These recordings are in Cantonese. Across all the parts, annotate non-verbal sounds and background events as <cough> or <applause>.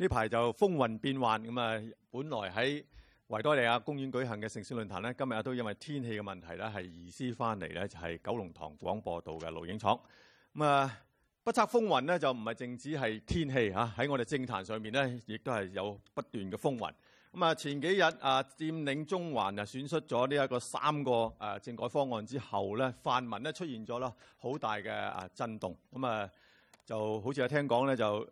呢排就風雲變幻，咁啊，本來喺維多利亞公園舉行嘅城市論壇咧，今日都因為天氣嘅問題咧，係移師翻嚟咧，就係九龍塘廣播道嘅錄影廠。咁啊，不測風雲咧，就唔係淨止係天氣嚇，喺我哋政壇上面咧，亦都係有不斷嘅風雲。咁啊，前幾日啊，佔領中環啊，選出咗呢一個三個誒政改方案之後咧，泛民咧出現咗咯好大嘅啊震動。咁啊，就好似我聽講咧就。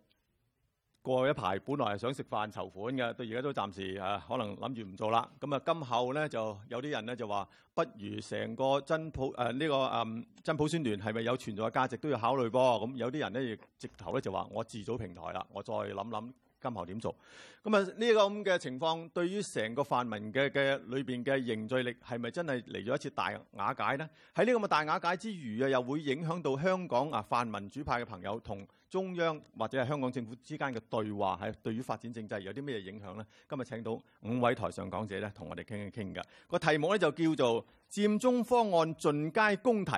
過一排，本來係想食飯籌款嘅，到而家都暫時誒、呃，可能諗住唔做啦。咁啊，今後咧就有啲人咧就話，不如成個真普誒呢、呃這個誒、嗯、真普選聯係咪有存在嘅價值都要考慮噃。咁有啲人咧亦直頭咧就話，我自組平台啦，我再諗諗。今後點做？咁啊，呢個咁嘅情況，對於成個泛民嘅嘅裏邊嘅凝聚力係咪真係嚟咗一次大瓦解呢？喺呢咁嘅大瓦解之餘啊，又會影響到香港啊泛民主派嘅朋友同中央或者係香港政府之間嘅對話，係對於發展政制有啲咩影響呢？今日請到五位台上講者咧，同我哋傾一傾㗎。個題目咧就叫做《佔中方案進階公提》，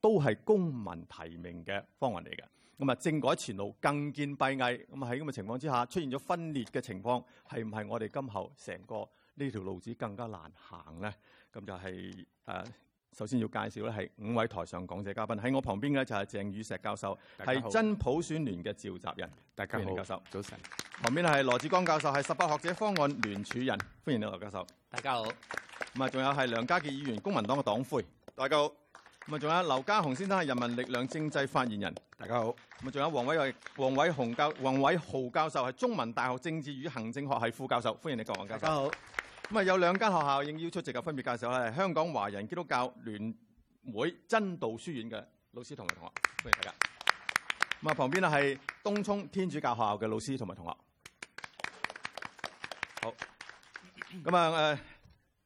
都係公民提名嘅方案嚟嘅。咁啊，政改前路更見閉翳，咁啊，喺咁嘅情況之下，出現咗分裂嘅情況，係唔係我哋今後成個呢條路子更加難行咧？咁就係、是、誒、呃，首先要介紹咧，係五位台上講者嘉賓，喺我旁邊嘅就係鄭宇碩教授，係真普選聯嘅召集人。大家好，教授早晨。旁邊係羅致光教授，係十八學者方案聯署人，歡迎你，羅教授。大家好。咁啊，仲有係梁家傑議員，公民黨嘅黨魁。大家好。咁啊，仲有劉嘉鴻先生係人民力量政制發言人，大家好。咁啊，仲有黃偉，黃偉雄教、黃偉豪教授係中文大學政治與行政學系副教授，歡迎你，黃教授。大家好。咁啊，有兩間學校應邀出席嘅，分別介紹係香港華人基督教聯會真道書院嘅老師同埋同學，歡迎大家。咁啊，旁邊啊係東涌天主教學校嘅老師同埋同學。好。咁啊，誒、呃。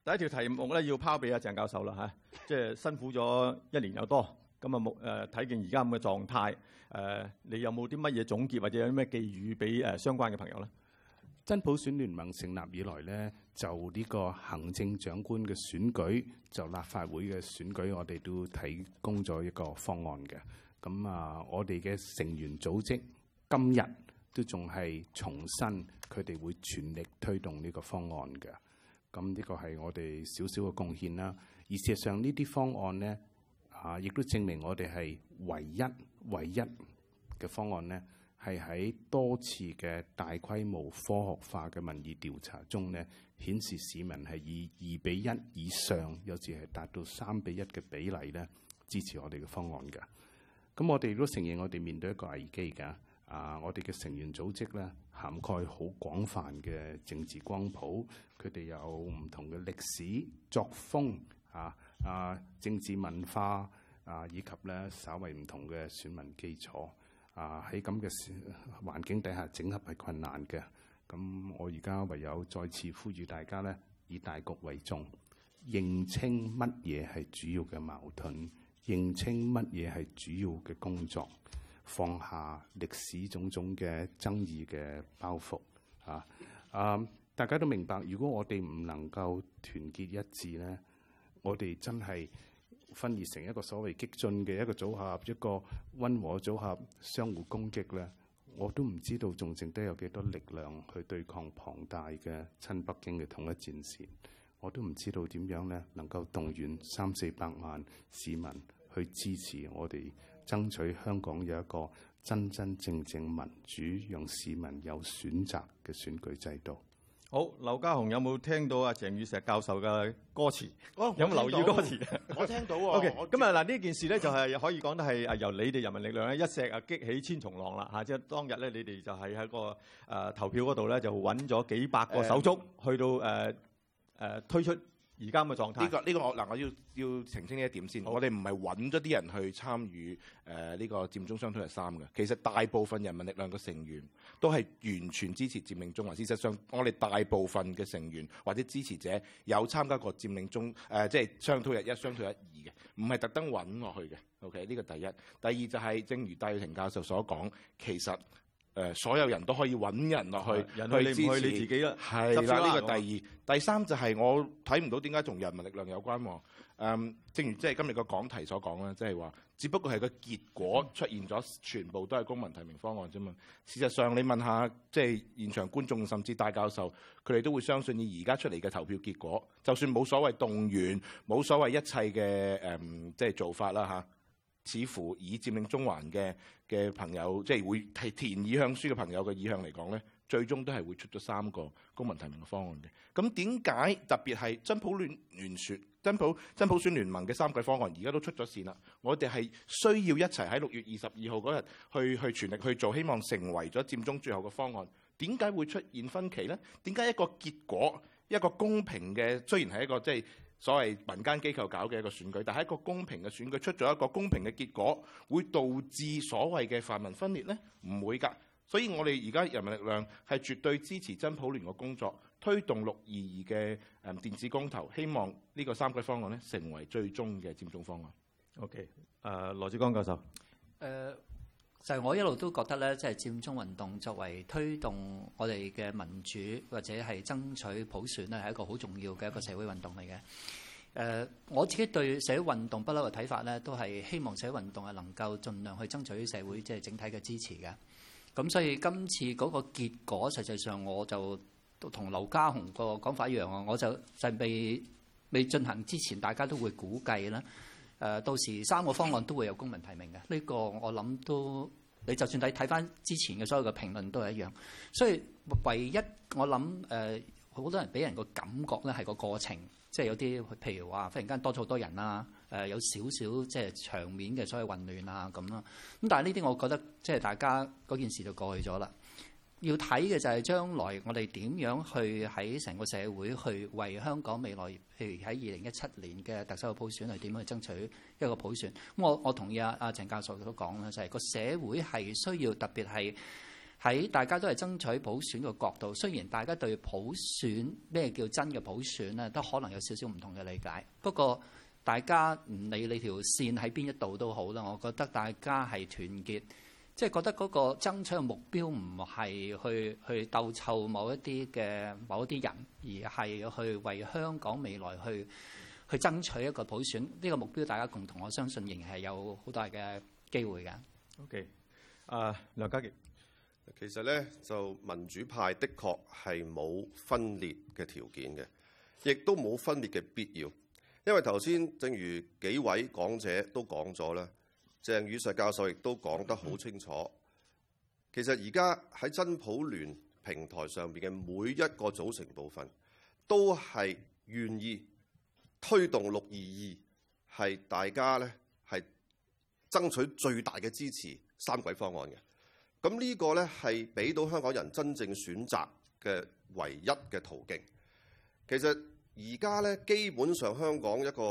第一條題目咧，要拋俾阿鄭教授啦吓，即、啊、係、就是、辛苦咗一年又多，咁啊冇誒睇見而家咁嘅狀態，誒、啊、你有冇啲乜嘢總結或者有啲咩寄語俾誒相關嘅朋友咧？真普選聯盟成立以來咧，就呢個行政長官嘅選舉，就立法會嘅選舉，我哋都提供咗一個方案嘅。咁啊，我哋嘅成員組織今日都仲係重申，佢哋會全力推動呢個方案嘅。咁呢個係我哋少少嘅貢獻啦。而事實上，呢啲方案呢，嚇、啊，亦都證明我哋係唯一唯一嘅方案呢，係喺多次嘅大規模科學化嘅民意調查中呢，顯示市民係以二比一以上，有時係達到三比一嘅比例呢，支持我哋嘅方案㗎。咁我哋亦都承認，我哋面對一個危機㗎。啊！我哋嘅成員組織咧，涵蓋好廣泛嘅政治光譜，佢哋有唔同嘅歷史、作風啊、啊政治文化啊，以及咧稍為唔同嘅選民基礎啊，喺咁嘅環境底下整合係困難嘅。咁我而家唯有再次呼籲大家咧，以大局為重，認清乜嘢係主要嘅矛盾，認清乜嘢係主要嘅工作。放下歷史種種嘅爭議嘅包袱，嚇啊，啊！大家都明白，如果我哋唔能夠團結一致呢，我哋真係分裂成一個所謂激進嘅一個組合，一個溫和組合相互攻擊呢，我都唔知道仲剩得有幾多力量去對抗龐大嘅親北京嘅統一戰線，我都唔知道點樣呢，能夠動員三四百萬市民去支持我哋。爭取香港有一個真真正正民主，讓市民有選擇嘅選舉制度。好，劉嘉鴻有冇聽到阿鄭宇碩教授嘅歌詞？哦、有冇留意歌詞？我聽到喎、哦。O K，咁啊嗱，呢、okay，件事咧就係可以講得係啊，由你哋人民力量咧一石啊激起千重浪啦嚇！即係當日咧，你哋就係喺個誒投票嗰度咧，就揾咗幾百個手足去到誒誒、呃、推出。而家嘅狀態呢、這個呢、這個我嗱，我要要澄清呢一點先。我哋唔係揾咗啲人去參與誒呢、呃這個佔中商討日三嘅。其實大部分人民力量嘅成員都係完全支持佔領中環。事實上，我哋大部分嘅成員或者支持者有參加過佔領中誒，即、呃、係、就是、商討日一、商討日二嘅，唔係特登揾落去嘅。OK，呢個第一。第二就係正如戴耀廷教授所講，其實。誒、呃，所有人都可以揾人落去人去，你去支持，係啦。呢個第二，第三就係我睇唔到點解同人民力量有關喎、啊嗯？正如即係今日個講題所講啦，即係話，只不過係個結果出現咗，全部都係公民提名方案啫嘛。事實上，你問下即係、就是、現場觀眾，甚至戴教授，佢哋都會相信你而家出嚟嘅投票結果，就算冇所謂動員，冇所謂一切嘅誒，即、嗯、係、就是、做法啦嚇。啊似乎以佔領中環嘅嘅朋友，即係會係填意向書嘅朋友嘅意向嚟講呢，最終都係會出咗三個公民提名嘅方案嘅。咁點解特別係真普聯聯說、真普真普選聯盟嘅三個方案而家都出咗線啦？我哋係需要一齊喺六月二十二號嗰日去去全力去做，希望成為咗佔中最後嘅方案。點解會出現分歧呢？點解一個結果，一個公平嘅，雖然係一個即係。就是所謂民間機構搞嘅一個選舉，但係一個公平嘅選舉出咗一個公平嘅結果，會導致所謂嘅泛民分裂呢？唔會㗎。所以我哋而家人民力量係絕對支持真普聯嘅工作，推動六二二嘅誒電子公投，希望呢個三個方案咧成為最終嘅佔中方案。OK，誒、uh, 羅致光教授，uh, 就係、是、我一路都覺得咧，即係佔中運動作為推動我哋嘅民主或者係爭取普選咧，係一個好重要嘅一個社會運動嚟嘅。誒、呃，我自己對社會運動不嬲嘅睇法咧，都係希望社會運動係能夠盡量去爭取社會即係、就是、整體嘅支持嘅。咁所以今次嗰個結果，實際上我就都同劉嘉鴻個講法一樣啊，我就係未進行之前，大家都會估計啦。誒、呃、到時三個方案都會有公民提名嘅，呢、這個我諗都你就算睇睇翻之前嘅所有嘅評論都係一樣，所以唯一我諗誒好多人俾人個感覺咧係個過程，即係有啲譬如話忽然間多咗好多人啦，誒、呃、有少少即係場面嘅所謂混亂啊咁咯，咁但係呢啲我覺得即係大家嗰件事就過去咗啦。要睇嘅就係將來我哋點樣去喺成個社會去為香港未來，譬如喺二零一七年嘅特首普選係點樣去爭取一個普選，我我同意啊啊鄭教授都講啦，就係、是、個社會係需要特別係喺大家都係爭取普選嘅角度。雖然大家對普選咩叫真嘅普選咧，都可能有少少唔同嘅理解。不過大家唔理你條線喺邊一度都好啦，我覺得大家係團結。即係覺得嗰個爭取嘅目標唔係去去鬥臭某一啲嘅某一啲人，而係去為香港未來去去爭取一個普選呢個目標，大家共同我相信仍然係有好大嘅機會嘅。O.K. 啊，uh，梁家傑，其實咧就民主派的確係冇分裂嘅條件嘅，亦都冇分裂嘅必要，因為頭先正如幾位講者都講咗咧。鄭宇碩教授亦都講得好清楚。其實而家喺真普聯平台上邊嘅每一個組成部分，都係願意推動六二二，係大家咧係爭取最大嘅支持三軌方案嘅。咁呢個咧係俾到香港人真正選擇嘅唯一嘅途徑。其實而家咧基本上香港一個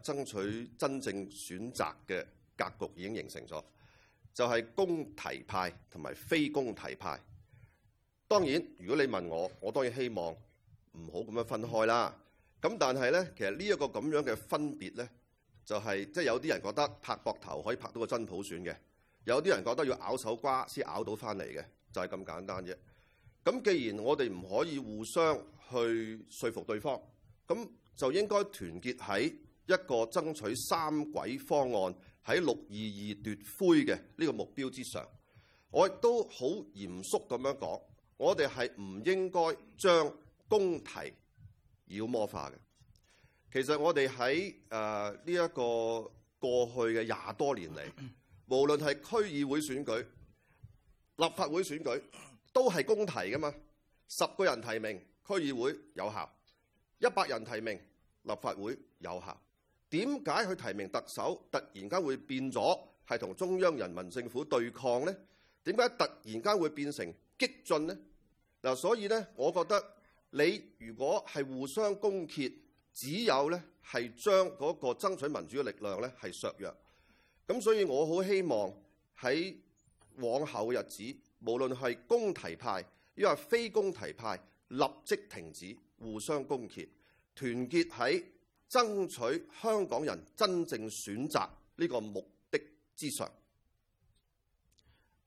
誒爭取真正選擇嘅格局已經形成咗，就係公提派同埋非公提派。當然，如果你問我，我當然希望唔好咁樣分開啦。咁但係呢，其實呢一個咁樣嘅分別呢，就係即係有啲人覺得拍膊頭可以拍到個真普選嘅，有啲人覺得要咬手瓜先咬到翻嚟嘅，就係咁簡單啫。咁既然我哋唔可以互相去説服對方，咁就應該團結喺一個爭取三軌方案喺六二二奪魁嘅呢個目標之上，我亦都好嚴肅咁樣講，我哋係唔應該將公提妖魔化嘅。其實我哋喺誒呢一個過去嘅廿多年嚟，無論係區議會選舉、立法會選舉，都係公提噶嘛。十個人提名區議會有效，一百人提名立法會有效。點解去提名特首突然間會變咗係同中央人民政府對抗呢？點解突然間會變成激進呢？嗱，所以咧，我覺得你如果係互相攻擊，只有咧係將嗰個爭取民主嘅力量咧係削弱。咁所以，我好希望喺往後嘅日子，無論係公提派抑或非公提派，立即停止互相攻擊，團結喺爭取香港人真正選擇呢個目的之上。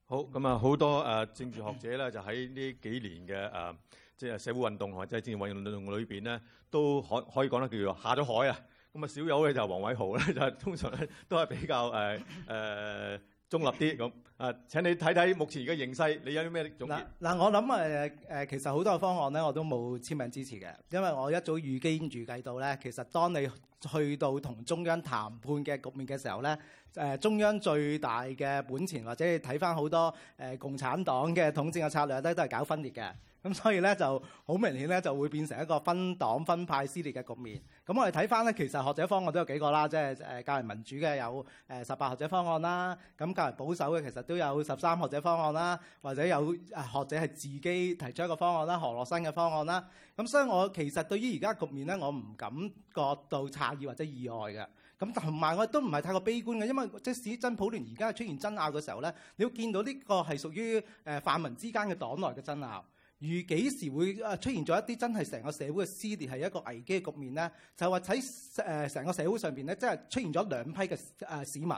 好。好，咁啊好多誒、呃、政治學者咧，就喺呢幾年嘅誒即係社會運動或者政治運動裏邊咧，都可可以講得叫做下咗海啊。咁啊少有嘅就係黃偉豪咧，就 <laughs> 通常咧都係比較誒誒。呃 <laughs> 中立啲咁啊！請你睇睇目前而家形勢，你有啲咩總結？嗱，我諗誒誒，其實好多方案咧，我都冇簽名支持嘅，因為我一早預見預計到咧，其實當你去到同中央談判嘅局面嘅時候咧，誒中央最大嘅本錢或者你睇翻好多誒共產黨嘅統戰嘅策略咧，都係搞分裂嘅。咁所以咧就好明顯咧就會變成一個分黨分派撕裂嘅局面。咁我哋睇翻咧，其實學者方案都有幾個啦，即係誒較為民主嘅有誒十八學者方案啦，咁較為保守嘅其實都有十三學者方案啦，或者有學者係自己提出一個方案啦，何濼生嘅方案啦。咁所以我其實對於而家局面咧，我唔感覺到詫異或者意外嘅。咁同埋我都唔係太過悲觀嘅，因為即使真普聯而家出現爭拗嘅時候咧，你會見到呢個係屬於誒泛民之間嘅黨內嘅爭拗。如幾時會啊出現咗一啲真係成個社會嘅撕裂係一個危機嘅局面呢？就係話喺誒成個社會上邊咧，即係出現咗兩批嘅誒市民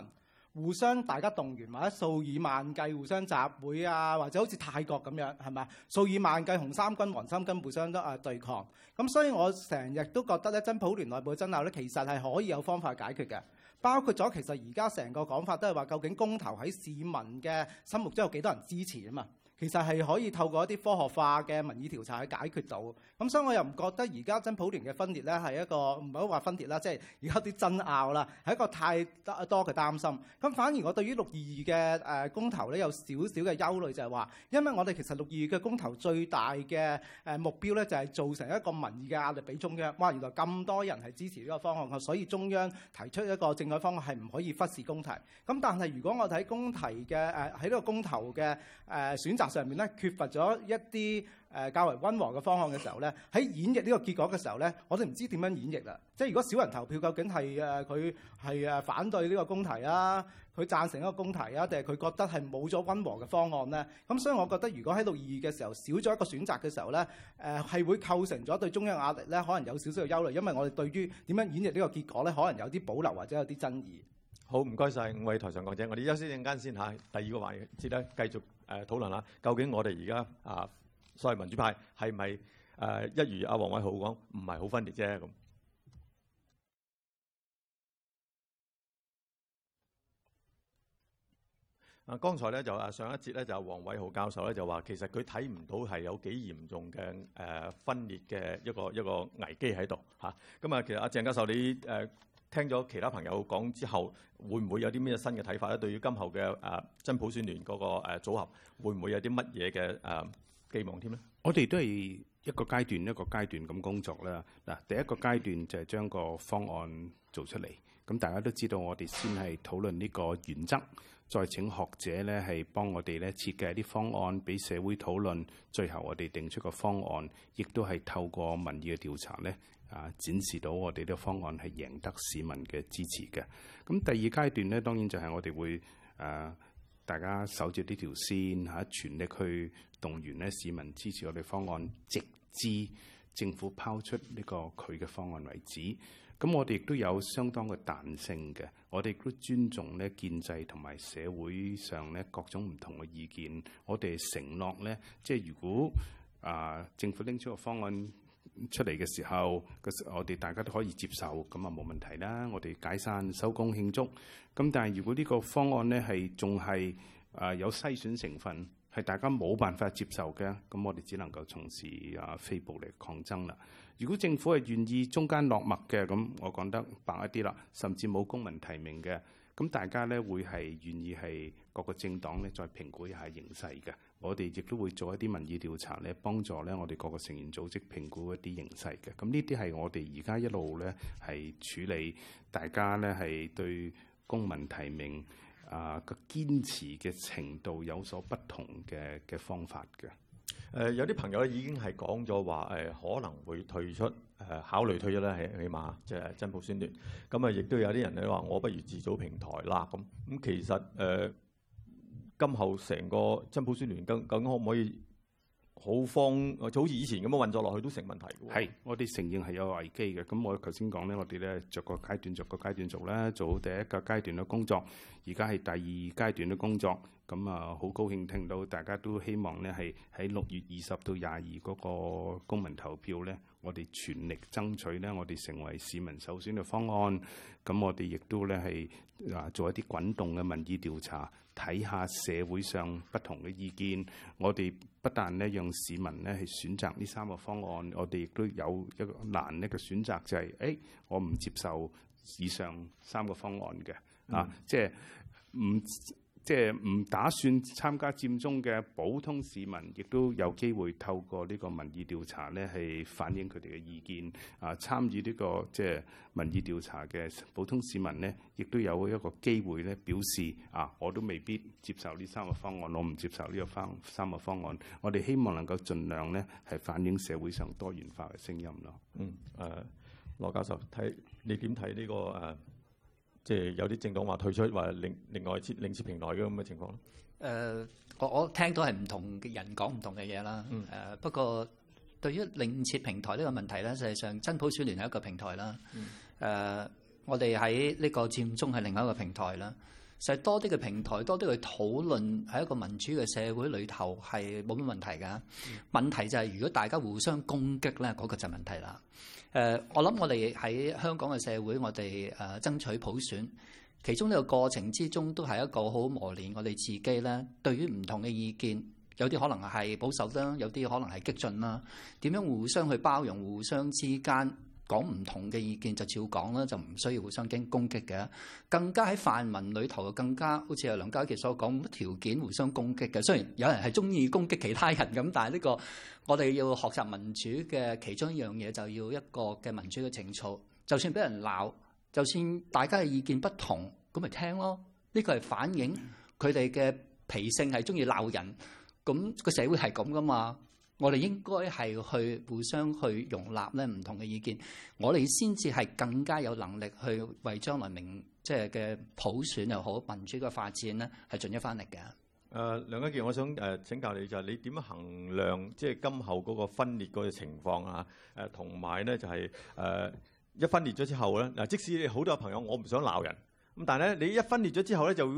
互相大家動員，或者數以萬計互相集會啊，或者好似泰國咁樣係咪啊？數以萬計紅三軍黃三軍互相都啊對抗。咁所以我成日都覺得咧，真普聯內部嘅爭拗咧，其實係可以有方法解決嘅，包括咗其實而家成個講法都係話，究竟公投喺市民嘅心目中有幾多人支持啊嘛？其實係可以透過一啲科學化嘅民意調查去解決到，咁所以我又唔覺得而家真普聯嘅分裂咧係一個唔係話分裂啦，即係而家啲爭拗啦係一個太多嘅擔心。咁反而我對於六二二嘅誒公投咧有少少嘅憂慮，就係話因為我哋其實六二二嘅公投最大嘅誒目標咧就係造成一個民意嘅壓力俾中央，哇原來咁多人係支持呢個方案，咁所以中央提出一個政改方案係唔可以忽視公提。咁但係如果我睇公提嘅誒喺呢個公投嘅誒選擇。上面咧缺乏咗一啲誒較為温和嘅方案嘅時候咧，喺演繹呢個結果嘅時候咧，我哋唔知點樣演繹啦。即係如果少人投票，究竟係誒佢係誒反對呢個公提啊，佢贊成一個公提啊，定係佢覺得係冇咗温和嘅方案咧？咁所以，我覺得如果喺度意義嘅時候少咗一個選擇嘅時候咧，誒係會構成咗對中央壓力咧，可能有少少嘅憂慮，因為我哋對於點樣演繹呢個結果咧，可能有啲保留或者有啲爭議。好，唔該晒，五位台上講者，我哋休息陣間先嚇，第二個話題接咧繼續。誒、啊、討論下究竟我哋而家啊，所謂民主派係咪誒？一如阿黃偉豪講，唔係好分裂啫咁。啊，剛才咧就誒上一節咧就黃偉豪教授咧就話其實佢睇唔到係有幾嚴重嘅誒、啊、分裂嘅一個一個危機喺度嚇。咁啊，啊，其實阿鄭教授你誒？啊聽咗其他朋友講之後，會唔會有啲咩新嘅睇法咧？對於今後嘅誒、啊、真普選聯嗰、那個誒、啊、組合，會唔會有啲乜嘢嘅誒寄望添咧？我哋都係一個階段一個階段咁工作啦。嗱，第一個階段就係將個方案做出嚟。咁大家都知道，我哋先係討論呢個原則，再請學者咧係幫我哋咧設計一啲方案俾社會討論。最後我哋定出個方案，亦都係透過民意嘅調查咧。啊！展示到我哋呢個方案係贏得市民嘅支持嘅。咁第二階段咧，當然就係我哋會誒、呃、大家守住呢條線嚇，全力去動員咧市民支持我哋方案，直至政府拋出呢個佢嘅方案為止。咁我哋亦都有相當嘅彈性嘅，我哋亦都尊重咧建制同埋社會上咧各種唔同嘅意見。我哋承諾咧，即係如果啊、呃、政府拎出個方案。出嚟嘅時候，個我哋大家都可以接受，咁啊冇問題啦。我哋解散收工慶祝。咁但係如果呢個方案呢係仲係啊有篩選成分，係大家冇辦法接受嘅，咁我哋只能夠從事啊非暴力抗爭啦。如果政府係願意中間落墨嘅，咁我講得白一啲啦，甚至冇公民提名嘅，咁大家呢會係願意係各個政黨呢再評估一下形勢嘅。我哋亦都會做一啲民意調查咧，幫助咧我哋各個成員組織評估一啲形勢嘅。咁呢啲係我哋而家一路咧係處理大家咧係對公民提名啊個堅持嘅程度有所不同嘅嘅方法嘅。誒、呃、有啲朋友咧已經係講咗話誒可能會退出誒考慮退出啦，係起碼即係真普選聯。咁啊亦都有啲人咧話我不如自組平台啦。咁咁其實誒。呃今後成個真普選聯究竟可唔可以好方就好似以前咁樣運作落去都成問題㗎喎？係，我哋承認係有危機嘅。咁我頭先講咧，我哋咧逐個階段逐個階段做啦，做好第一個階段嘅工作，而家係第二階段嘅工作。咁啊，好高興聽到大家都希望咧係喺六月二十到廿二嗰個公民投票咧，我哋全力爭取咧，我哋成為市民首選嘅方案。咁我哋亦都咧係。話做一啲滾動嘅民意調查，睇下社會上不同嘅意見。我哋不但呢讓市民呢去選擇呢三個方案，我哋亦都有一個難一嘅選擇，就是，就係誒，我唔接受以上三個方案嘅啊，嗯、即係唔。即係唔打算參加佔中嘅普通市民，亦都有機會透過呢個民意調查咧，係反映佢哋嘅意見。啊，參與呢、呢個即係、即係、民意調查嘅普通市民咧，亦都有一個機會咧表示啊，我都未必接受呢三個方案，我唔接受呢個方三個方案。我哋希望能夠盡量咧係反映社會上多元化嘅聲音咯。嗯。誒、呃，羅教授，睇你點睇呢個誒？呃即係有啲政黨話退出，話另另外設另設平台嘅咁嘅情況。誒、呃，我我聽到係唔同嘅人講唔同嘅嘢啦。嗯、呃。誒，不過對於另設平台呢個問題咧，實際上真普選聯係一個平台啦。嗯、呃。誒，我哋喺呢個佔中係另外一個平台啦。實多啲嘅平台，多啲去討論喺一個民主嘅社會裏頭係冇乜問題嘅。問題就係、是、如果大家互相攻擊咧，嗰、那個就問題啦。誒、呃，我諗我哋喺香港嘅社會，我哋誒、呃、爭取普選，其中呢個過程之中都係一個好磨練我哋自己咧。對於唔同嘅意見，有啲可能係保守啦，有啲可能係激進啦，點樣互相去包容，互相之間。講唔同嘅意見就照講啦，就唔需要互相經攻擊嘅。更加喺泛民裏頭嘅更加，好似阿梁家傑所講，冇條件互相攻擊嘅。雖然有人係中意攻擊其他人咁，但係呢個我哋要學習民主嘅其中一樣嘢，就要一個嘅民主嘅情操。就算俾人鬧，就算大家嘅意見不同，咁咪聽咯。呢個係反映佢哋嘅脾性係中意鬧人，咁個社會係咁噶嘛。我哋應該係去互相去容納咧唔同嘅意見，我哋先至係更加有能力去為將來明即係嘅普選又好民主嘅發展咧，係、呃、盡一翻力嘅。誒梁家傑，我想誒、呃、請教你就係、是、你點衡量即係今後嗰個分裂嗰個情況啊？誒同埋咧就係、是、誒、呃、一分裂咗之後咧嗱，即使你好多朋友我唔想鬧人咁，但係咧你一分裂咗之後咧就會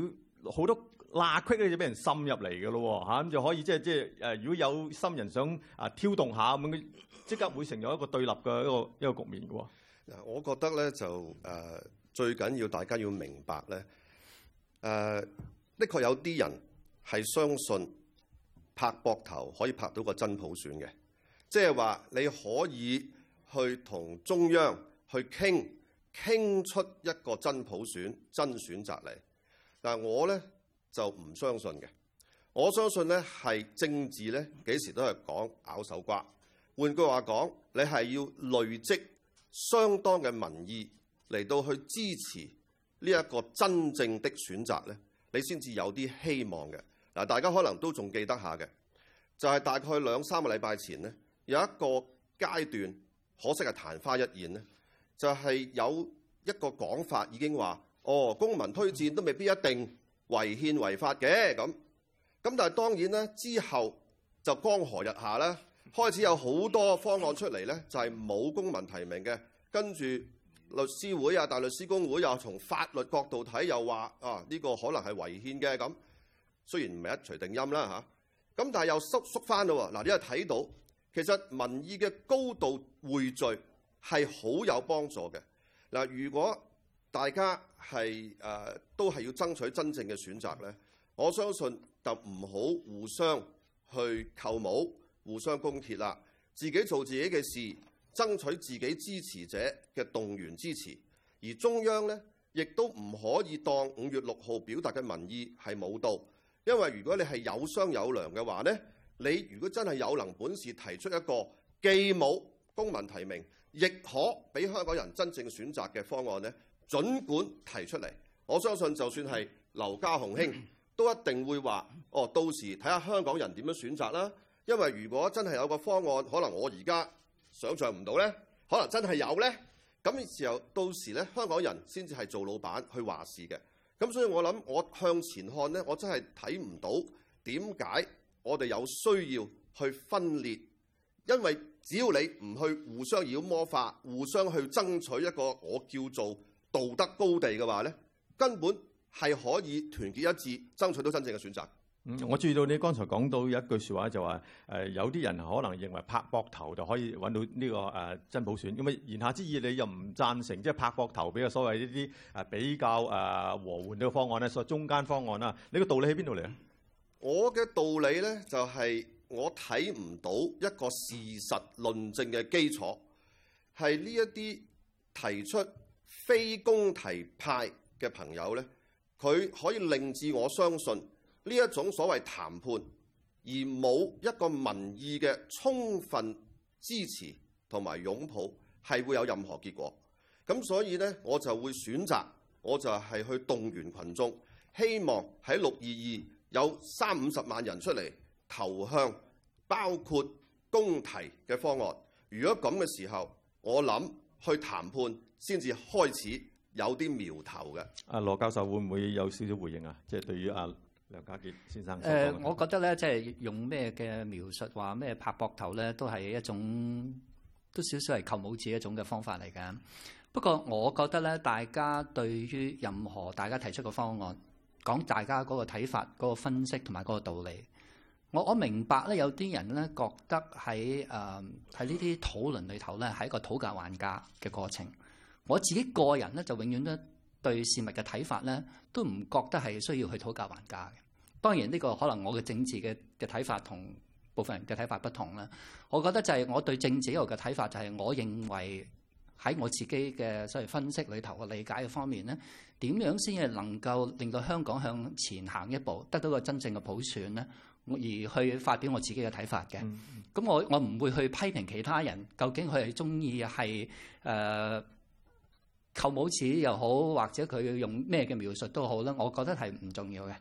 好多。罅隙咧就俾人滲入嚟嘅咯，吓，咁就可以即係即係誒。如果有心人想啊挑動下咁，即刻會成咗一個對立嘅一個一個局面嘅。嗱，我覺得咧就誒、呃、最緊要大家要明白咧誒、呃，的確有啲人係相信拍膊頭可以拍到個真普選嘅，即係話你可以去同中央去傾傾出一個真普選真選擇嚟嗱，但我咧。就唔相信嘅。我相信呢，係政治呢幾時都係講咬手瓜。換句話講，你係要累積相當嘅民意嚟到去支持呢一個真正的選擇呢，你先至有啲希望嘅。嗱，大家可能都仲記得下嘅，就係、是、大概兩三個禮拜前呢，有一個階段，可惜係曇花一現呢，就係、是、有一個講法已經話哦，公民推薦都未必一定。違憲違法嘅咁，咁但係當然咧，之後就江河日下啦，開始有好多方案出嚟咧，就係冇公民提名嘅，跟住律師會啊、大律師公會又從法律角度睇又話啊，呢個可能係違憲嘅咁。雖然唔係一槌定音啦嚇，咁但係又縮縮翻咯喎。嗱，呢又睇到其實民意嘅高度匯聚係好有幫助嘅。嗱，如果大家，係誒、呃，都係要爭取真正嘅選擇呢。我相信就唔好互相去扣帽、互相攻擊啦。自己做自己嘅事，爭取自己支持者嘅動員支持。而中央呢，亦都唔可以當五月六號表達嘅民意係冇道，因為如果你係有商有量嘅話呢，你如果真係有能本事提出一個既冇公民提名，亦可俾香港人真正選擇嘅方案呢。儘管提出嚟，我相信就算係劉嘉鴻兄都一定會話：哦，到時睇下香港人點樣選擇啦。因為如果真係有個方案，可能我而家想象唔到呢，可能真係有呢。咁時候到時呢，香港人先至係做老闆去話事嘅。咁所以我諗，我向前看呢，我真係睇唔到點解我哋有需要去分裂，因為只要你唔去互相妖魔化，互相去爭取一個我叫做。道德高地嘅話咧，根本係可以團結一致，爭取到真正嘅選擇。嗯，我注意到你剛才講到有一句説話，就話誒、呃、有啲人可能認為拍膊頭就可以揾到呢、這個誒、呃、真普選。咁啊，言下之意你又唔贊成即係拍膊頭，俾個所謂呢啲誒比較誒、呃、和緩嘅方案咧，所謂中間方案啦。你個道理喺邊度嚟咧？我嘅道理咧，就係、是、我睇唔到一個事實論證嘅基礎係呢一啲提出。非公提派嘅朋友呢，佢可以令自我相信呢一種所謂談判，而冇一個民意嘅充分支持同埋擁抱，係會有任何結果。咁所以呢，我就會選擇，我就係去動員群眾，希望喺六二二有三五十萬人出嚟投向包括公提嘅方案。如果咁嘅時候，我諗。去談判先至開始有啲苗頭嘅。阿羅教授會唔會有少少回應啊？即係對於阿梁家傑先生所講嘅。呃，我覺得咧，即係用咩嘅描述話咩拍膊頭咧，都係一種都少少係求母指一種嘅方法嚟嘅。不過我覺得咧，大家對於任何大家提出嘅方案，講大家嗰個睇法、嗰個分析同埋嗰個道理。我我明白咧，有啲人咧覺得喺誒喺呢啲討論裏頭咧係一個討價還價嘅過程。我自己個人咧就永遠咧對事物嘅睇法咧都唔覺得係需要去討價還價嘅。當然呢個可能我嘅政治嘅嘅睇法同部分人嘅睇法不同啦。我覺得就係我對政治嗰個嘅睇法，就係我認為喺我自己嘅所謂分析裏頭嘅理解嘅方面咧，點樣先至能夠令到香港向前行一步，得到個真正嘅普選咧？而去發表我自己嘅睇法嘅，咁、嗯嗯、我我唔會去批評其他人，究竟佢係中意係誒扣帽子又好，或者佢用咩嘅描述都好啦，我覺得係唔重要嘅。誒、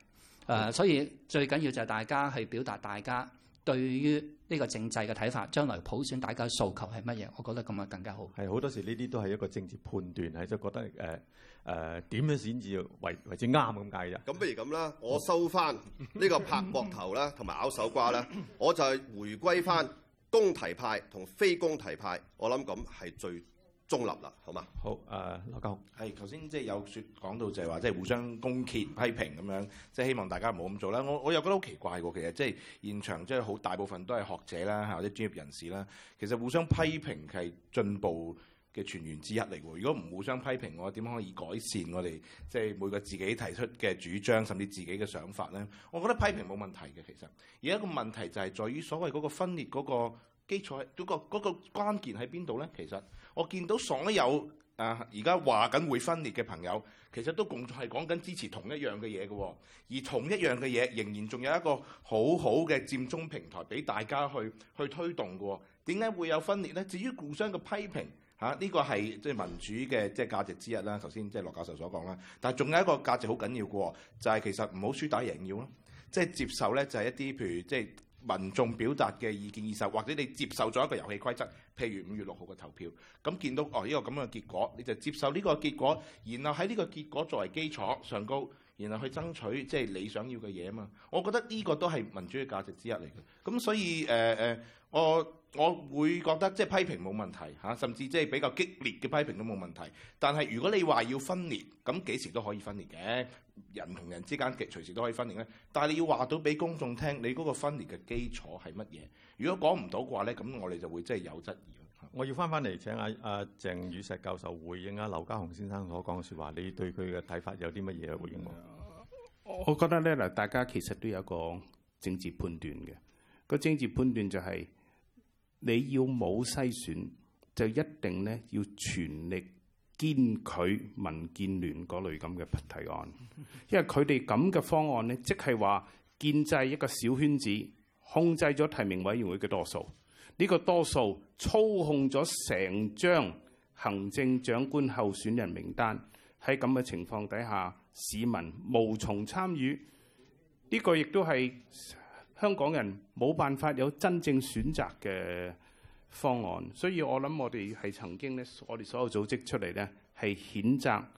呃，所以最緊要就係大家去表達大家對於呢個政制嘅睇法，將來普選大家嘅訴求係乜嘢，我覺得咁樣更加好。係好多時呢啲都係一個政治判斷，係就覺得誒。呃誒、呃、點樣先至為為之啱咁解咋？咁不如咁啦，我收翻呢個拍膊頭啦，同埋咬手瓜啦，我就係回歸翻公提派同非公提派，我諗咁係最中立啦，好嘛？好，誒、呃，劉嘉鴻係頭先即係有説講到就係話，即係互相攻訐、批評咁樣，即係希望大家唔好咁做啦。我我又覺得好奇怪喎，其實即係現場即係好大部分都係學者啦，係或者專業人士啦，其實互相批評係進步。嘅全員之一嚟喎。如果唔互相批評，我點可以改善我哋即係每個自己提出嘅主張，甚至自己嘅想法呢？我覺得批評冇問題嘅，其實而一個問題就係在於所謂嗰個分裂嗰個基礎，嗰個嗰個關鍵喺邊度呢？其實我見到所有啊，而家話緊會分裂嘅朋友，其實都共係講緊支持同一樣嘅嘢嘅喎。而同一樣嘅嘢，仍然仲有一個好好嘅佔中平台俾大家去去推動嘅喎。點解會有分裂呢？至於互相嘅批評。嚇！呢個係即係民主嘅即係價值之一啦。頭先即係羅教授所講啦。但係仲有一個價值好緊要嘅，就係其實唔好輸打贏要咯。即係接受呢，就係一啲譬如即係民眾表達嘅意見、意見，或者你接受咗一個遊戲規則，譬如五月六號嘅投票。咁見到哦，呢個咁嘅結果，你就接受呢個結果，然後喺呢個結果作為基礎上高，然後去爭取即係你想要嘅嘢啊嘛。我覺得呢個都係民主嘅價值之一嚟嘅。咁所以誒誒、呃，我。我會覺得即係批評冇問題嚇，甚至即係比較激烈嘅批評都冇問題。但係如果你話要分裂，咁幾時都可以分裂嘅，人同人之間嘅隨時都可以分裂咧。但係你要話到俾公眾聽，你嗰個分裂嘅基礎係乜嘢？如果講唔到嘅話咧，咁我哋就會即係有質疑。我要翻返嚟請阿阿、呃、鄭宇碩教授回應啊，劉嘉鴻先生所講嘅説話，你對佢嘅睇法有啲乜嘢回應？我覺得咧嗱，大家其實都有一個政治判斷嘅，個政治判斷就係。你要冇篩選，就一定咧要全力堅拒民建聯嗰類咁嘅提案，因為佢哋咁嘅方案咧，即係話建制一個小圈子，控制咗提名委員會嘅多數，呢、這個多數操控咗成張行政長官候選人名單，喺咁嘅情況底下，市民無從參與，呢、這個亦都係。香港人冇辦法有真正選擇嘅方案，所以我諗我哋係曾經咧，我哋所有組織出嚟咧係譴責呢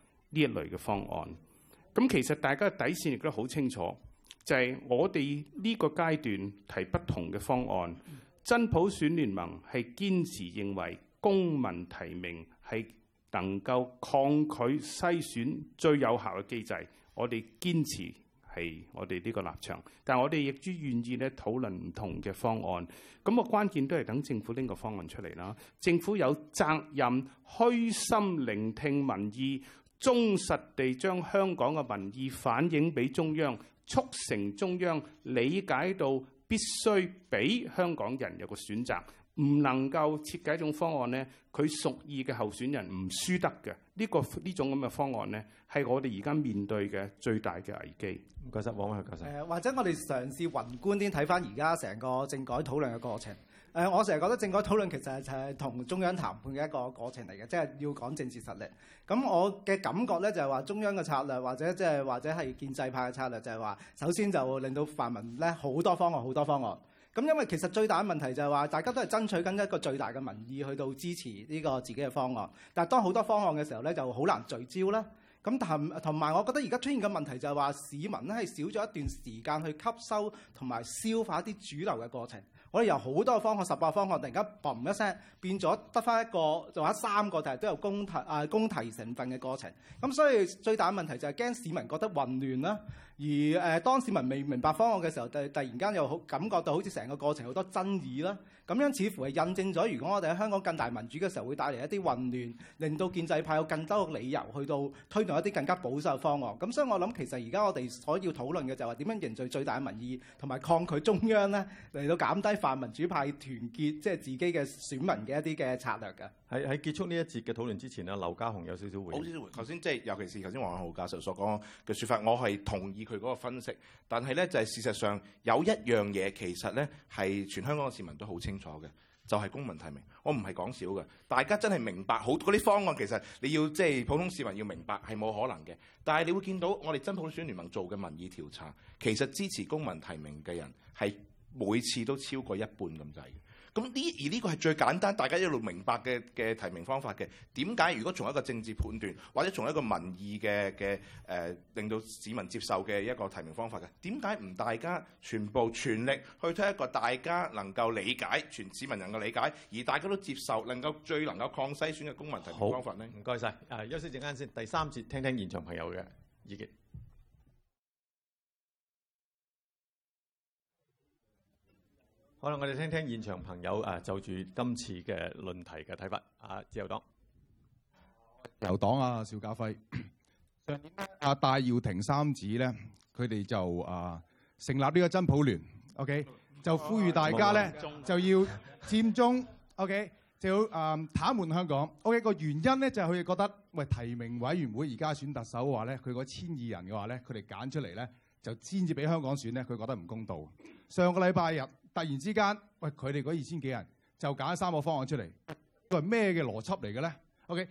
一類嘅方案。咁其實大家嘅底線亦都好清楚，就係、是、我哋呢個階段提不同嘅方案，真普選聯盟係堅持認為公民提名係能夠抗拒篩選最有效嘅機制，我哋堅持。係我哋呢個立場，但係我哋亦都願意咧討論唔同嘅方案。咁個關鍵都係等政府拎個方案出嚟啦。政府有責任虛心聆聽民意，忠實地將香港嘅民意反映俾中央，促成中央理解到必須俾香港人有個選擇。唔能夠設計一種方案呢佢屬意嘅候選人唔輸得嘅，呢個呢種咁嘅方案呢係我哋而家面對嘅最大嘅危機。唔該曬，黃偉強教授、呃。或者我哋嘗試宏觀啲睇翻而家成個政改討論嘅過程。誒、呃，我成日覺得政改討論其實係同中央談判嘅一個過程嚟嘅，即係要講政治實力。咁我嘅感覺呢，就係話，中央嘅策略或者即係或者係建制派嘅策略就係話，首先就令到泛民呢好多方案好多方案。咁因為其實最大嘅問題就係話，大家都係爭取緊一個最大嘅民意去到支持呢個自己嘅方案。但係當好多方案嘅時候咧，就好難聚焦啦。咁同同埋，我覺得而家出現嘅問題就係話，市民咧係少咗一段時間去吸收同埋消化啲主流嘅過程。我哋有好多方案，十八個方案突然間嘣一聲變咗，得翻一個或者三個，就係都有公提啊公提成分嘅過程。咁所以最大嘅問題就係驚市民覺得混亂啦。而誒當市民未明白方案嘅時候，第突然間又好感覺到好似成個過程好多爭議啦。咁樣似乎係印證咗，如果我哋喺香港更大民主嘅時候，會帶嚟一啲混亂，令到建制派有更多嘅理由去到推動一啲更加保守嘅方案。咁所以我諗其實而家我哋所要討論嘅就係點樣凝聚最大嘅民意，同埋抗拒中央呢嚟到減低泛民主派團結，即係自己嘅選民嘅一啲嘅策略嘅。喺喺結束呢一節嘅討論之前咧，劉嘉鴻有少有少回。好頭先即係尤其是頭先黃敏豪教授所講嘅説法，我係同意。佢嗰個分析，但係呢，就係事實上有一樣嘢，其實呢，係全香港嘅市民都好清楚嘅，就係公民提名。我唔係講笑嘅，大家真係明白好，嗰啲方案，其實你要即係普通市民要明白係冇可能嘅。但係你會見到我哋真普選聯盟做嘅民意調查，其實支持公民提名嘅人係每次都超過一半咁滯。咁呢而呢個係最簡單，大家一路明白嘅嘅提名方法嘅。點解如果從一個政治判斷，或者從一個民意嘅嘅誒，令到市民接受嘅一個提名方法嘅？點解唔大家全部全力去推一個大家能夠理解，全市民能夠理解，而大家都接受，能夠最能夠抗篩選嘅公民提名方法呢？唔該晒，啊休息陣間先，第三節聽聽現場朋友嘅意見。好啦，我哋聽聽現場朋友啊，就住今次嘅論題嘅睇法。啊，自由黨，由黨啊，邵家輝，上年咧，啊戴耀廷三子咧，佢哋就啊成立呢個真普聯，OK，就呼籲大家咧就要佔中，OK，就要啊癱瘓香港，OK，個原因咧就係佢哋覺得，喂提名委員會而家選特首嘅話咧，佢個千二人嘅話咧，佢哋揀出嚟咧。就先至俾香港選咧，佢覺得唔公道。上個禮拜日突然之間，喂佢哋嗰二千幾人就揀咗三個方案出嚟，都係咩嘅邏輯嚟嘅咧？OK，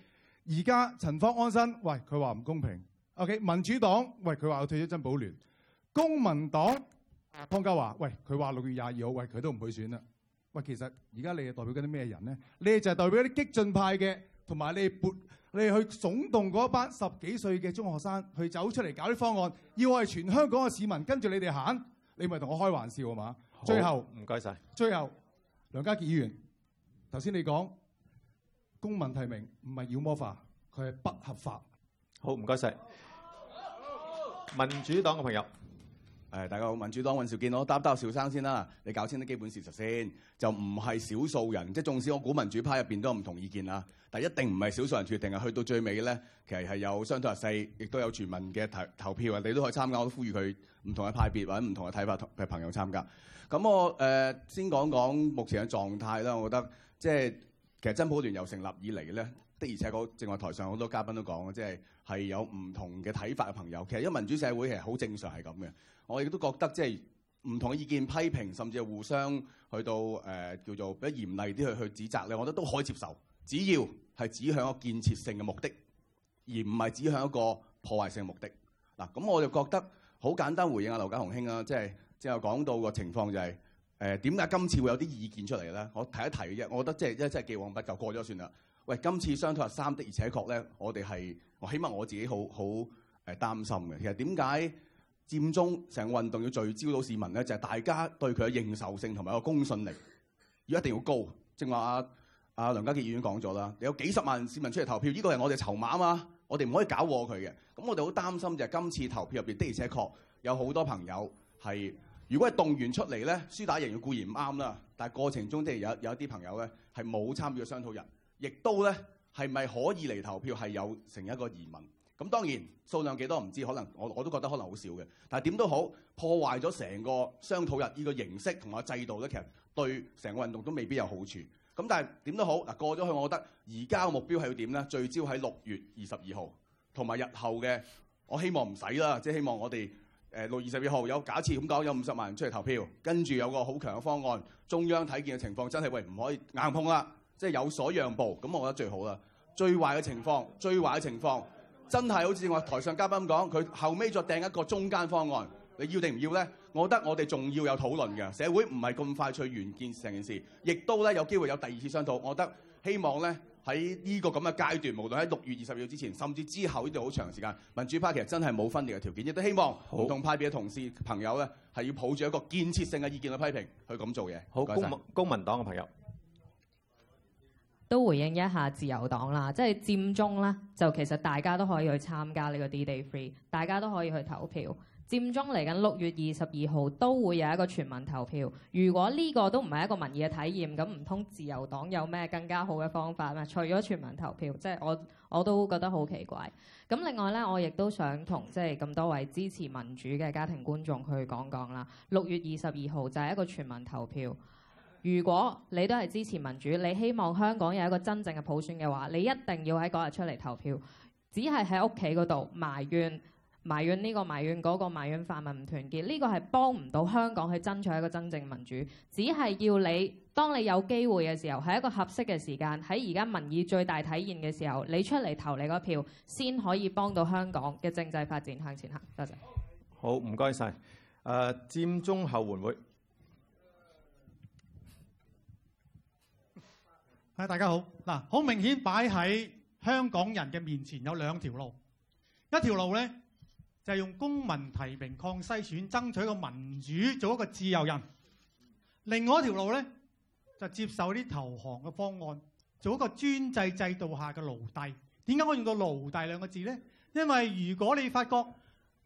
而家陳方安生，喂佢話唔公平。OK，民主黨，喂佢話我退出真普聯，公民黨，湯家驊，喂佢話六月廿二號，喂佢都唔會選啦。喂，其實而家你係代表緊啲咩人咧？你係就係代表一啲激進派嘅，同埋你撥。你去聳動嗰一班十幾歲嘅中學生，去走出嚟搞啲方案，要我係全香港嘅市民跟住你哋行，你咪同我開玩笑啊嘛！最後唔該晒。最後梁家傑議員，頭先你講公民提名唔係妖魔化，佢係不合法。好唔該晒。民主黨嘅朋友。呃、大家好，民主黨尹兆堅我答答邵生先啦。你搞清啲基本事實先，就唔係少數人，即係縱使我估民主派入面都有唔同意見啦，但一定唔係少數人決定。係去到最尾咧，其實係有商討日嘅勢，亦都有全民嘅投投票，你都可以參加。我都呼籲佢唔同嘅派別或者唔同嘅睇法嘅朋友參加。咁我、呃、先講講目前嘅狀態啦。我覺得即係其實真普聯由成立以嚟咧。的而且確，正話台上好多嘉賓都講，即係係有唔同嘅睇法嘅朋友。其實，因為民主社會其實好正常係咁嘅。我亦都覺得即係唔同嘅意見批評，甚至係互相去到誒、呃、叫做比較嚴厲啲去去指責咧，我覺得都可以接受，只要係指向一個建設性嘅目的，而唔係指向一個破壞性嘅目的嗱。咁我就覺得好簡單回應阿劉嘉鴻兄啦，即係即係講到個情況就係誒點解今次會有啲意見出嚟咧？我提一提嘅啫，我覺得即係一即係既往不咎，過咗算啦。喂，今次商討日三的，而且確咧，我哋係我起碼我自己好好誒擔心嘅。其實點解佔中成運動要聚焦到市民咧？就係、是、大家對佢嘅認受性同埋個公信力要一定要高。正話阿阿梁家傑已經講咗啦，有幾十萬市民出嚟投票，呢、這個係我哋籌碼啊嘛，我哋唔可以搞禍佢嘅。咁我哋好擔心就係今次投票入面的而且確有好多朋友係如果係動員出嚟咧，輸打贏要固然唔啱啦，但係過程中即係有一啲朋友咧係冇參與商討日。亦都咧係咪可以嚟投票係有成一個疑問？咁當然數量幾多唔知，可能我我都覺得可能好少嘅。但係點都好破壞咗成個商討日呢個形式同埋制度咧，其實對成個運動都未必有好處。咁但係點都好嗱，過咗去我覺得而家嘅目標係要點咧？聚焦喺六月二十二號同埋日後嘅，我希望唔使啦，即係希望我哋誒六月二十二號有假設咁講，有五十萬人出嚟投票，跟住有個好強嘅方案，中央睇見嘅情況真係喂唔可以硬碰啦。即係有所讓步，咁我覺得最好啦。最壞嘅情況，最壞嘅情況，真係好似我台上嘉賓講，佢後尾再訂一個中間方案，你要定唔要呢？我覺得我哋仲要有討論嘅，社會唔係咁快去完結成件事，亦都呢，有機會有第二次商討。我覺得希望呢，喺呢個咁嘅階段，無論喺六月二十號之前，甚至之後呢段好長時間，民主派其實真係冇分裂嘅條件，亦都希望唔同派別嘅同事朋友呢，係要抱住一個建設性嘅意見去批評，去咁做嘢。好，公民黨嘅朋友。都回應一下自由黨啦，即係佔中咧，就其實大家都可以去參加呢個 D Day Free，大家都可以去投票。佔中嚟緊六月二十二號都會有一個全民投票。如果呢個都唔係一個民意嘅體驗，咁唔通自由黨有咩更加好嘅方法咩？除咗全民投票，即係我我都覺得好奇怪。咁另外呢，我亦都想同即係咁多位支持民主嘅家庭觀眾去講講啦。六月二十二號就係一個全民投票。如果你都係支持民主，你希望香港有一個真正嘅普選嘅話，你一定要喺嗰日出嚟投票。只係喺屋企嗰度埋怨，埋怨呢個，埋怨嗰個，埋怨泛民唔團結，呢個係幫唔到香港去爭取一個真正民主。只係要你，當你有機會嘅時候，喺一個合適嘅時間，喺而家民意最大體現嘅時候，你出嚟投你個票，先可以幫到香港嘅政制發展向前行。多謝。好，唔該晒，誒，佔中後援會。係，大家好。嗱，好明顯擺喺香港人嘅面前有兩條路。一條路呢，就係、是、用公民提名抗篩選爭取個民主，做一個自由人。另外一條路呢，就是、接受啲投降嘅方案，做一個專制制度下嘅奴隸。點解我用到奴隸兩個字呢？因為如果你發覺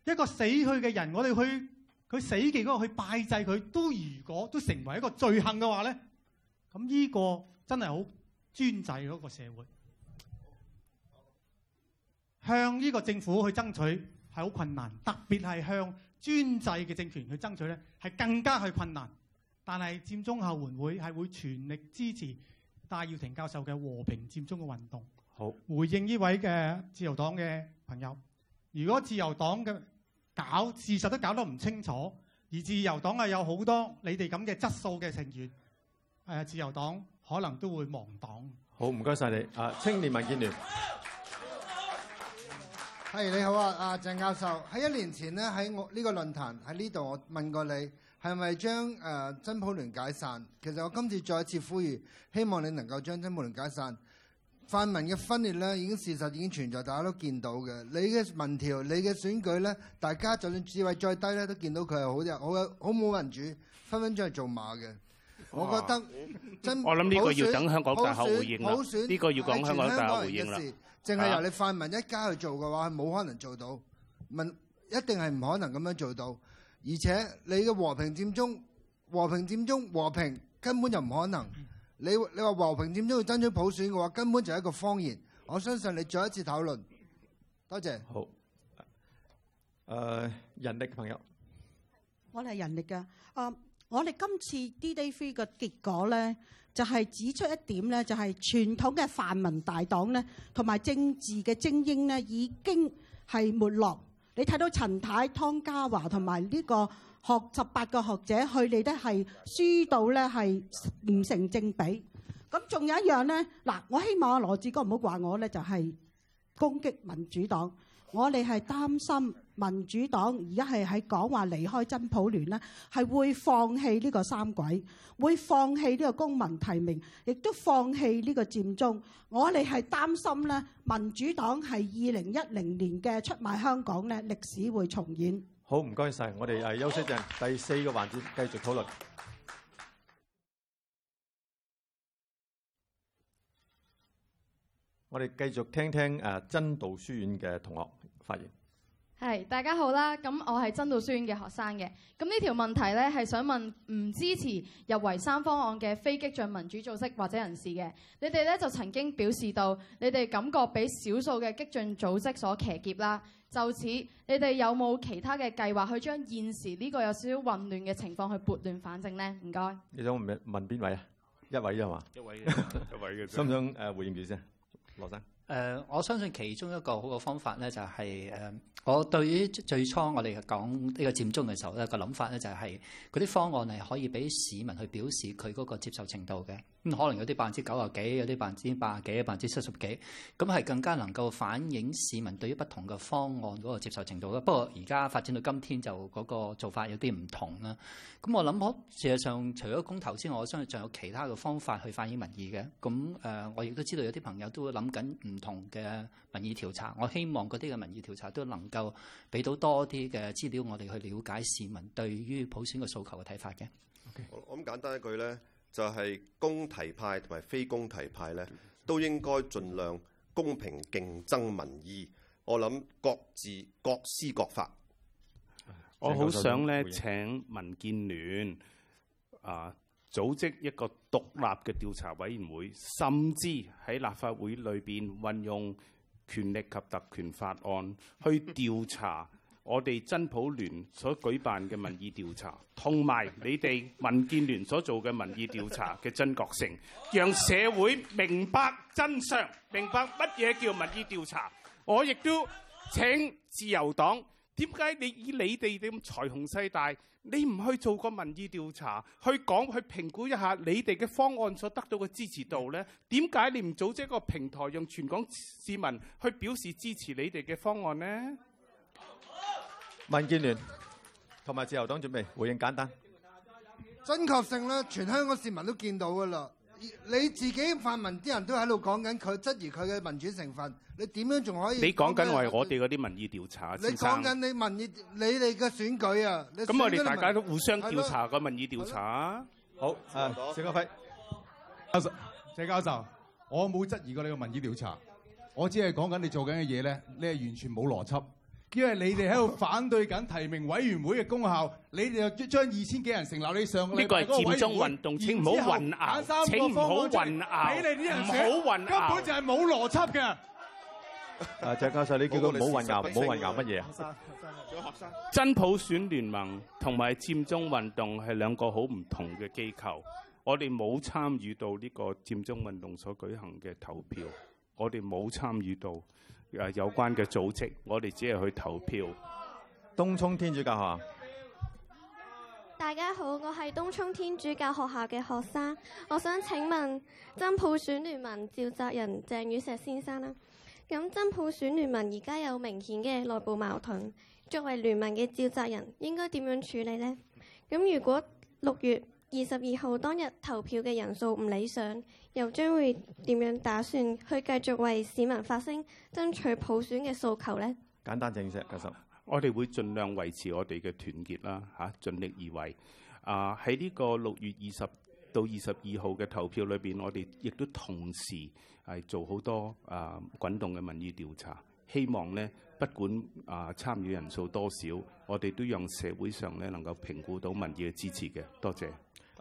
一個死去嘅人，我哋去佢死嘅嗰度去拜祭佢，都如果都成為一個罪行嘅話呢，咁呢個真係好。專制嗰個社會，向呢個政府去爭取係好困難，特別係向專制嘅政權去爭取呢係更加係困難。但係佔中後援會係會全力支持戴耀廷教授嘅和平佔中嘅運動。好，回應呢位嘅自由黨嘅朋友，如果自由黨嘅搞事實都搞得唔清楚，而自由黨係有好多你哋咁嘅質素嘅成員，誒自由黨。可能都會亡黨。好，唔該晒你。啊，青年民建聯，係、hey, 你好啊，啊，鄭教授。喺一年前呢，喺我呢個論壇喺呢度，我問過你係咪將誒真普聯解散？其實我今次再一次呼籲，希望你能夠將真普聯解散。泛民嘅分裂咧，已經事實已經存在，大家都見到嘅。你嘅民調，你嘅選舉咧，大家就算智慧再低咧，都見到佢係好啲，好好冇民主，分分鐘係做馬嘅。我覺得，真我諗呢個要等香港大學回應普啦。呢、呢個要講香港大學回應啦。你全香港嘅事，淨係由你泛民一家去做嘅話，冇、啊、可能做到。民一定係唔可能咁樣做到。而且你嘅和平佔中，和平佔中，和平根本就唔可能。你你話和平佔中要爭取普選嘅話，根本就係一個謊言。我相信你再一次討論。多謝。好。誒、呃，人力朋友。我係人力嘅。啊、嗯。我哋今次 D Day Three 嘅結果咧，就係指出一點咧，就係傳統嘅泛民大黨咧，同埋政治嘅精英咧，已經係沒落。你睇到陳太、湯家驊同埋呢個十八個學者，佢哋都係輸到咧，係唔成正比。咁仲有一樣咧，嗱，我希望啊羅致光唔好話我咧，就係攻擊民主黨。我哋係擔心。民主黨而家係喺講話離開真普聯咧，係會放棄呢個三軌，會放棄呢個公民提名，亦都放棄呢個佔中。我哋係擔心咧，民主黨係二零一零年嘅出賣香港咧，歷史會重演。好，唔該晒，我哋誒休息陣，第四個環節繼續討論。我哋繼續聽聽誒真道書院嘅同學發言。係，大家好啦。咁我係真道書院嘅學生嘅。咁呢條問題咧係想問唔支持入圍三方案嘅非激進民主組織或者人士嘅。你哋咧就曾經表示到，你哋感覺俾少數嘅激進組織所騎劫啦。就此，你哋有冇其他嘅計劃去將現時呢個有少少混亂嘅情況去撥亂反正咧？唔該。你想問邊位啊？一位啫嘛？一位， <laughs> 一位嘅。想唔想誒回應住先，羅生？誒、呃，我相信其中一個好嘅方法咧，就係、是、誒、呃，我對於最初我哋講呢個佔中嘅時候咧，一個諗法，咧就係、是、嗰啲方案係可以俾市民去表示佢嗰個接受程度嘅。可能有啲百分之九十幾，有啲百分之八十幾，百分之七十幾，咁係更加能夠反映市民對於不同嘅方案嗰個接受程度啦。不過而家發展到今天就嗰個做法有啲唔同啦。咁我諗好，事實上除咗公投之外，我相信仲有其他嘅方法去反映民意嘅。咁誒、呃，我亦都知道有啲朋友都會諗緊唔同嘅民意調查。我希望嗰啲嘅民意調查都能夠俾到多啲嘅資料，我哋去了解市民對於普選嘅訴求嘅睇法嘅。ok，我我咁簡單一句咧。就係、是、公提派同埋非公提派呢，都應該盡量公平競爭民意。我諗各自各施各法。我好想呢，請民建聯啊組織一個獨立嘅調查委員會，甚至喺立法會裏邊運用權力及特權法案去調查我哋真普聯所舉辦嘅民意調查，同埋你哋民建聯所做嘅民意調查嘅真確性，讓社會明白真相，明白乜嘢叫民意調查。我亦都請自由黨，點解你以你哋咁財雄勢大，你唔去做個民意調查，去講去評估一下你哋嘅方案所得到嘅支持度呢？點解你唔組織一個平台，用全港市民去表示支持你哋嘅方案呢？民建聯同埋自由黨準備回應簡單真確性咧，全香港市民都見到噶啦。你自己泛民啲人都喺度講緊佢質疑佢嘅民主成分，你點樣仲可以？你講緊為我哋嗰啲民意調查，你講緊你，你民意，你哋嘅選舉啊？咁我哋大家都互相調查個民意調查啊。好，謝家輝，謝教授，我冇質疑過你嘅民意調查，我只係講緊你做緊嘅嘢咧，你係完全冇邏輯。因為你哋喺度反對緊提名委員會嘅功效，你哋又將二千幾人成立你上呢個係佔中運動，請唔好混淆，三請唔好混淆，你哋啲人，唔好混淆，根本就係冇邏輯嘅。 <laughs> 啊，鄭教授，你叫佢唔好混淆，唔好混淆乜嘢啊？ <laughs> 真普選聯盟同埋佔中運動係兩個好唔同嘅機構， <laughs> 我哋冇參與到呢個佔中運動所舉行嘅投票， <laughs> 我哋冇參與到。有關嘅組織，我哋只係去投票。東涌天主教學校，大家好，我係東涌天主教學校嘅學生。我想請問真普選聯盟召集人鄭宇碩先生啦。咁真普選聯盟而家有明顯嘅內部矛盾，作為聯盟嘅召集人，應該點樣處理呢？咁如果六月二十二號當日投票嘅人數唔理想，又將會點樣打算去繼續為市民發聲、爭取普選嘅訴求呢？簡單正式，教授，我哋會盡量維持我哋嘅團結啦，吓、啊，盡力而為。啊，喺呢個六月二十到二十二號嘅投票裏邊，我哋亦都同時係做好多啊滾動嘅民意調查，希望呢，不管啊參與人數多少，我哋都讓社會上呢能夠評估到民意嘅支持嘅。多謝。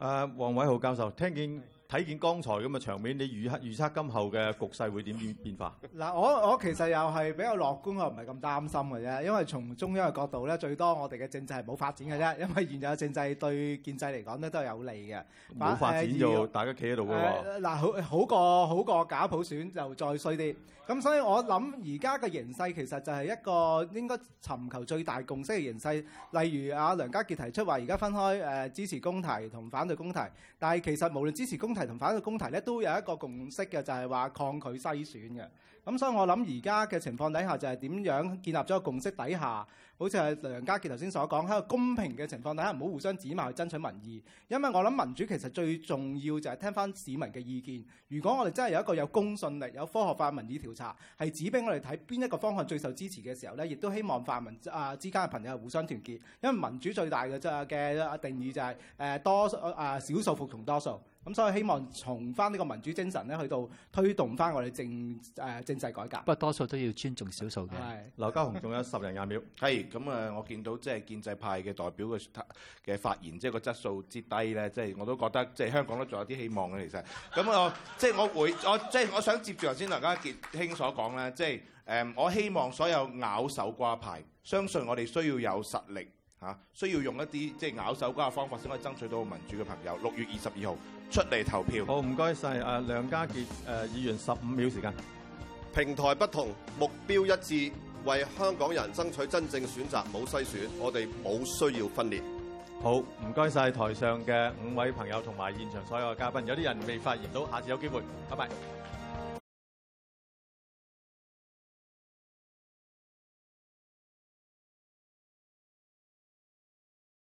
誒，黃偉豪教授，聽見。Hi. 睇見剛才咁嘅場面，你預測預測今後嘅局勢會點變變化？嗱，我我其實又係比較樂觀，我唔係咁擔心嘅啫，因為從中央嘅角度咧，最多我哋嘅政制係冇發展嘅啫，因為原有政制對建制嚟講咧都係有利嘅。冇發展啫，大家企喺度嘅喎。嗱，好好過好過假普選又再衰啲。咁所以我諗而家嘅形勢其實就係一個應該尋求最大共識嘅形勢。例如啊，梁家傑提出話而家分開誒支持公提同反對公提，但係其實無論支持公提，同反對公提咧，都有一個共識嘅，就係話抗拒篩選嘅咁。所以我諗而家嘅情況底下，就係點樣建立咗個共識底下，好似係梁家傑頭先所講喺個公平嘅情況底下，唔好互相指罵去爭取民意，因為我諗民主其實最重要就係聽翻市民嘅意見。如果我哋真係有一個有公信力、有科學化民意調查，係指俾我哋睇邊一個方向最受支持嘅時候咧，亦都希望泛民啊之間嘅朋友係互相團結，因為民主最大嘅嘅定義就係誒多啊少數服從多數。咁所以希望從翻呢個民主精神咧，去到推動翻我哋政誒、呃、政制改革。不過多數都要尊重少數嘅。劉嘉鴻仲有十零廿秒，係咁啊！我見到即係建制派嘅代表嘅嘅發言，即係個質素之低咧，即係我都覺得即係香港都仲有啲希望嘅其實。咁我即係我會，我即係我想接住頭先劉家傑兄所講咧，即係誒我希望所有咬手瓜派，相信我哋需要有實力。需要用一啲即係咬手瓜嘅方法先可以爭取到民主嘅朋友，六月二十二號出嚟投票。好，唔該晒。阿梁家傑誒、呃、議員十五秒時間。平台不同，目標一致，為香港人爭取真正選擇冇篩選，我哋冇需要分裂。好，唔該晒。台上嘅五位朋友同埋現場所有嘅嘉賓，有啲人未發言到，下次有機會。拜拜。